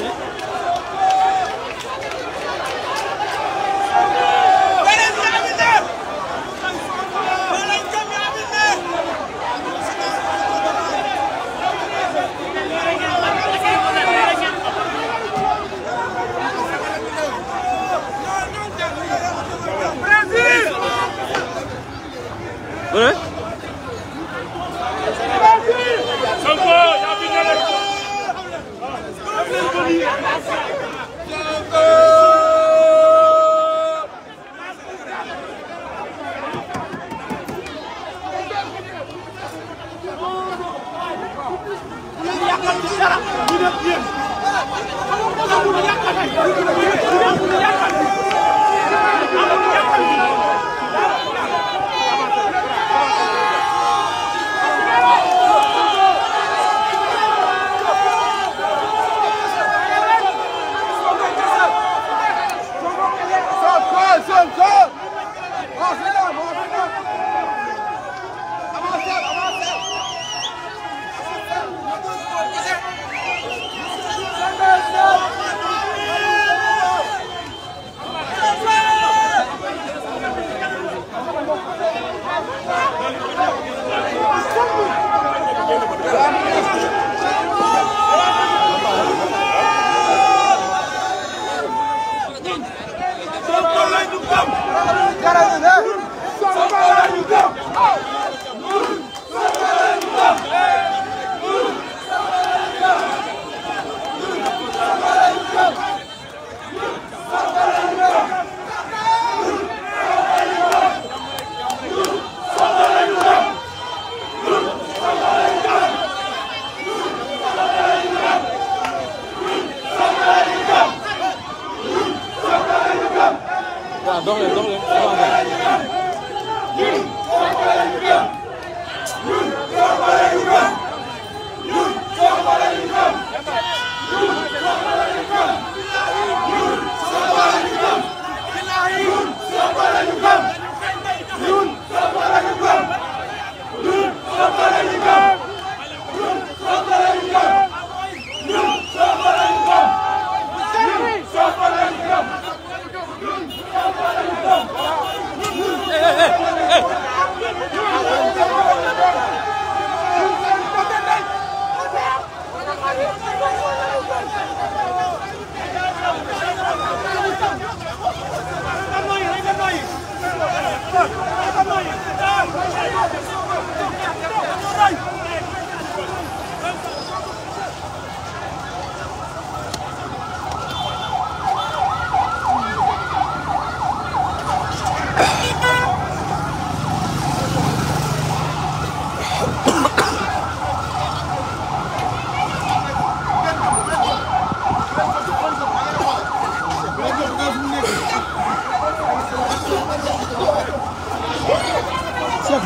hectares yi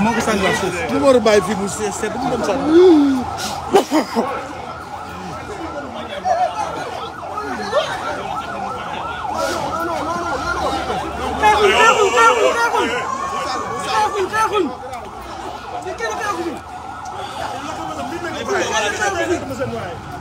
moo ko sànni waat suuf. li ma war a bàyyi fii mu seet seet bu mu dem sànni. kaaxul kaaxul kaaxul kaaxul kaaxul kaaxul kaaxul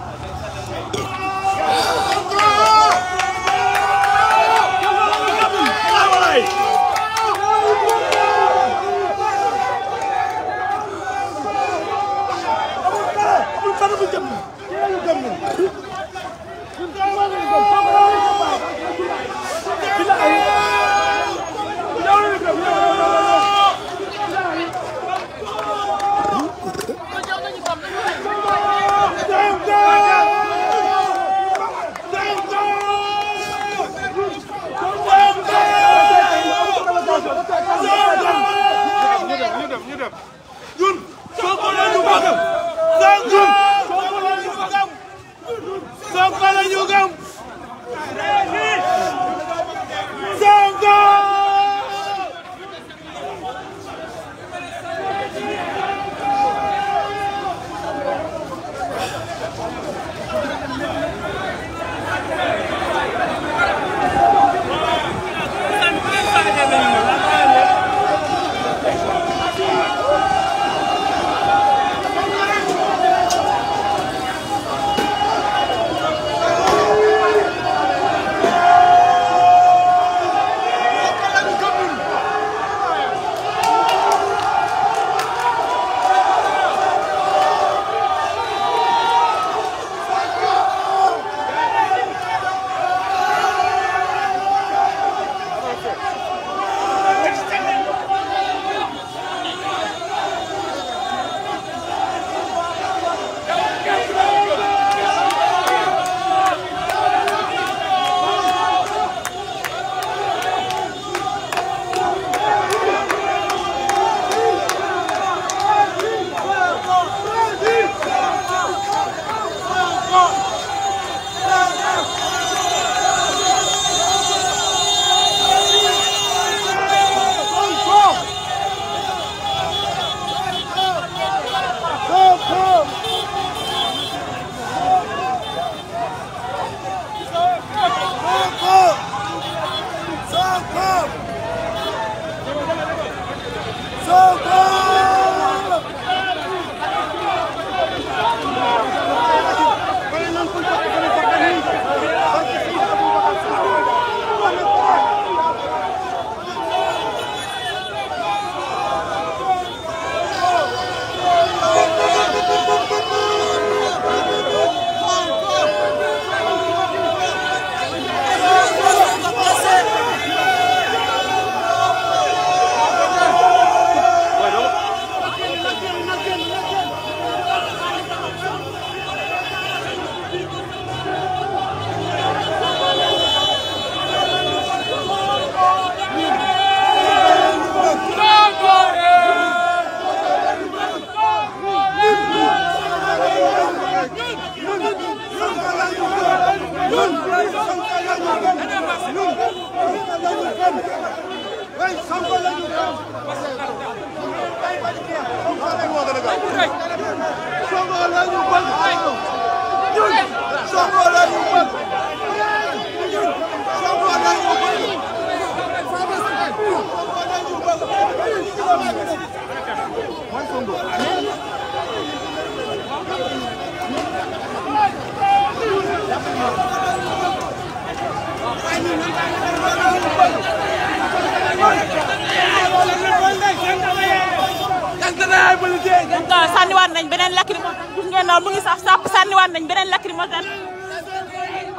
nañ beneen lacrymogène gis ngeen loolu euh, mu ngi saf sàpp sànniwaat nañ beneen lacrymogène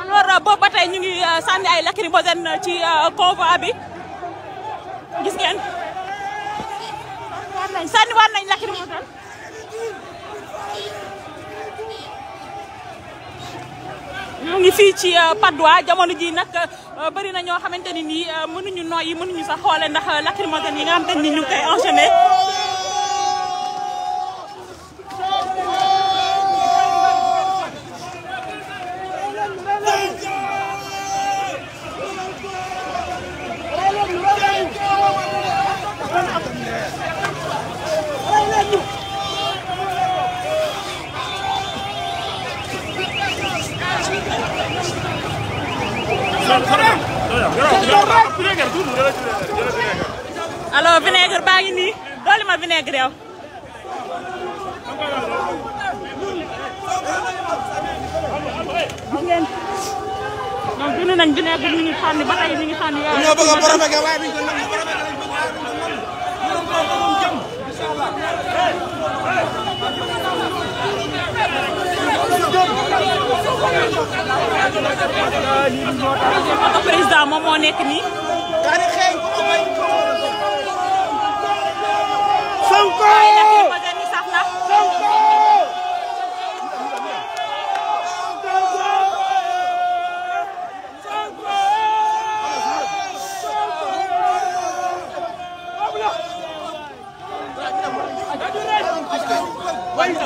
alors euh, boobu ba tey ñu ngi euh, sànni ay lacrymogène ci convoi bi gis ngeen sànniwaat nañ lacrymogène mu ngi fii ci Patte d'Oie ji nag bëri na ñoo xamante ni nii mënuñu nooyi mënuñu sax xoole ndax lacrymogène yi nga xamante ni ñu ngi koy rafetee waaye duñ ko nangu bu rafetee lañ bëgg waaye duñ ko nangu ñu doon toog ba mu jëm incha allah. oto président moom moo nekk nii. daal di xeeñ ku ko may. Sonko.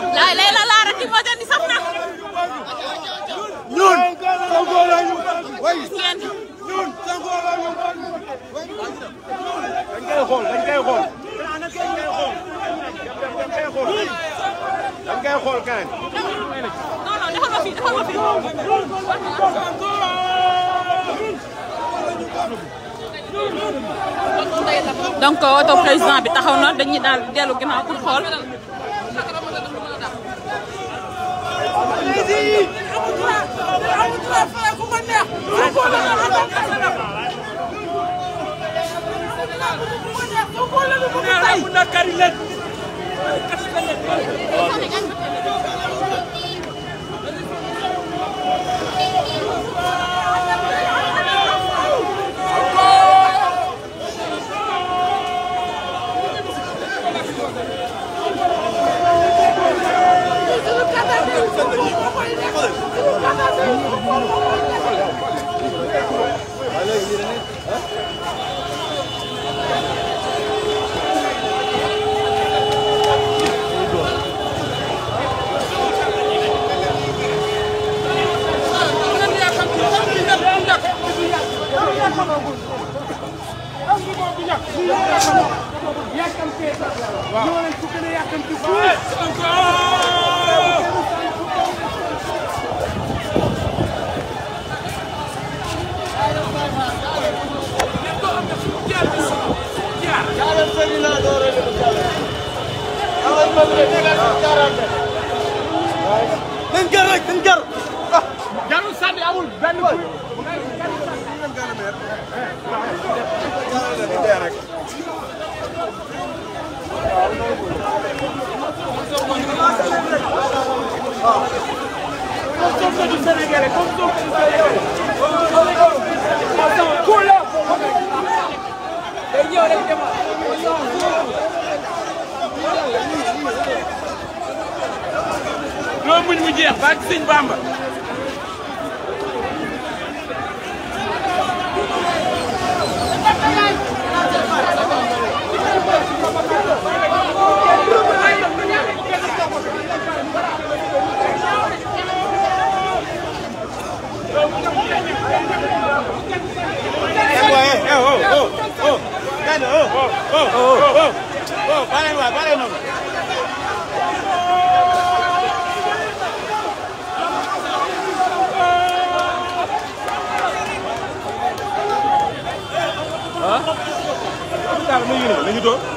lay lay la laara ki moo jënd saf na ñun Sonko la ñu bañ ñun Sonko la ñu bañ dañ koy xool dañ koy xool dañ koy xool kañ non non defal ma fii defal ma fii donc oto président bi taxaw na dañuy daal dellu ginnaaw pour xool yi amul droit amul droit fay ku ko neex ko la ko ko neex ko ko la ko ko neex benn kuy. waaw. comme Sonko du Sénégalais comme Sonko du Sénégalais. waaw ku la. day ñëw rek demal. loo muñ mu jeex ba ak Sëñ Bamba. ah.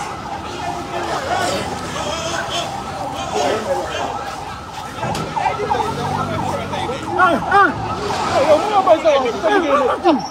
ah ah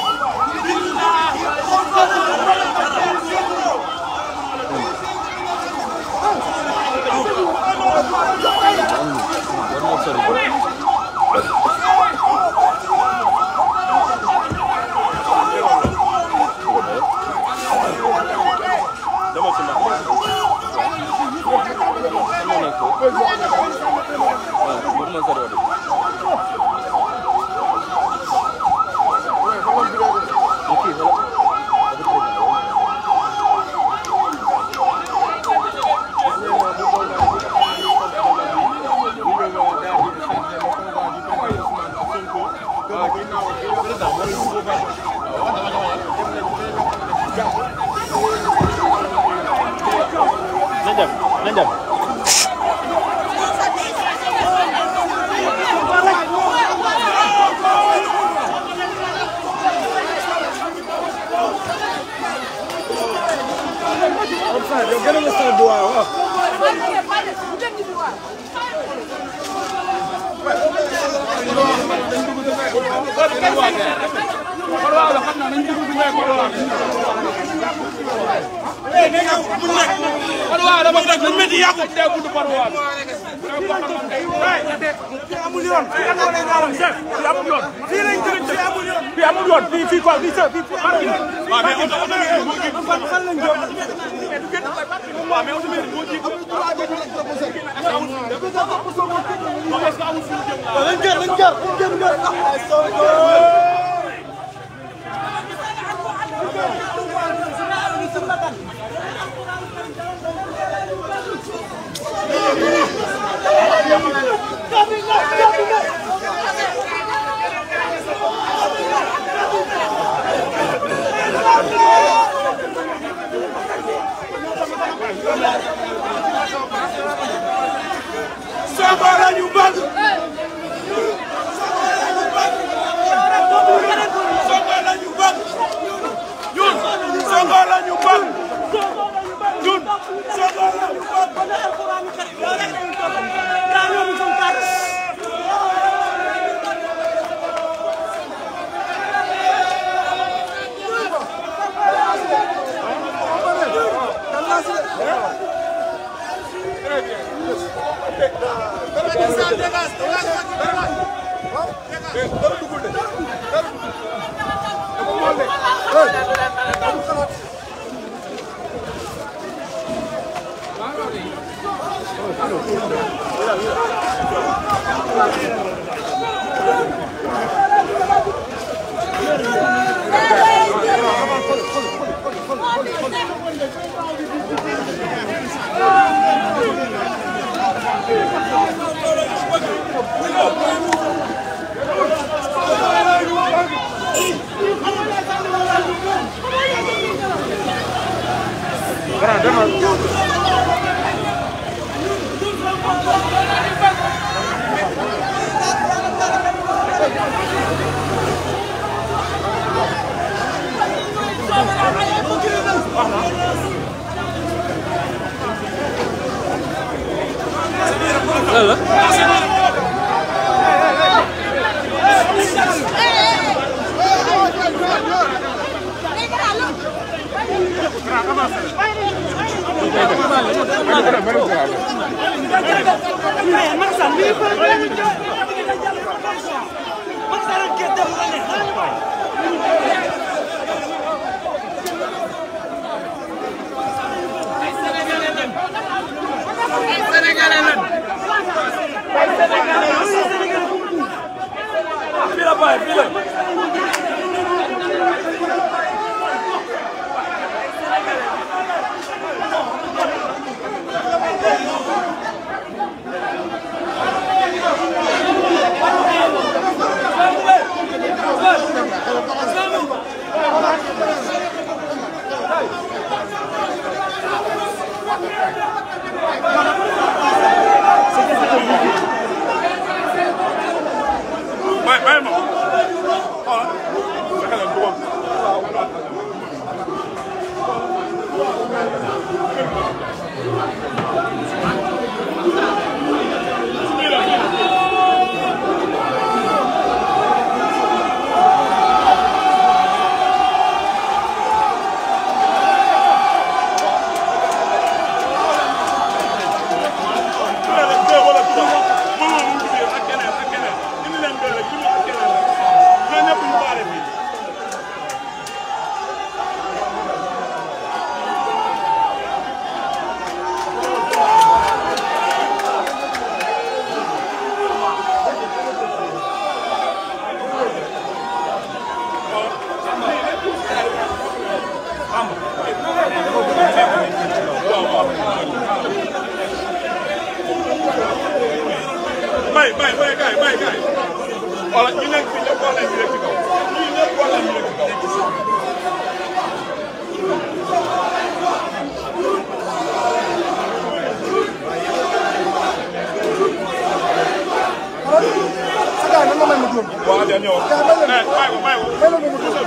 One more, one more, one more. mais lan gër lan gër lan gër ah so go Samba la ñu bëgg Sonko la ñu bëgg ñun Sonko la ñu bëgg Come on, come on. Maksarın kendi bu ne? Hangi bay? ay sénégalais lan ay sénégalais lan fii la bàyyi fii la ñëw.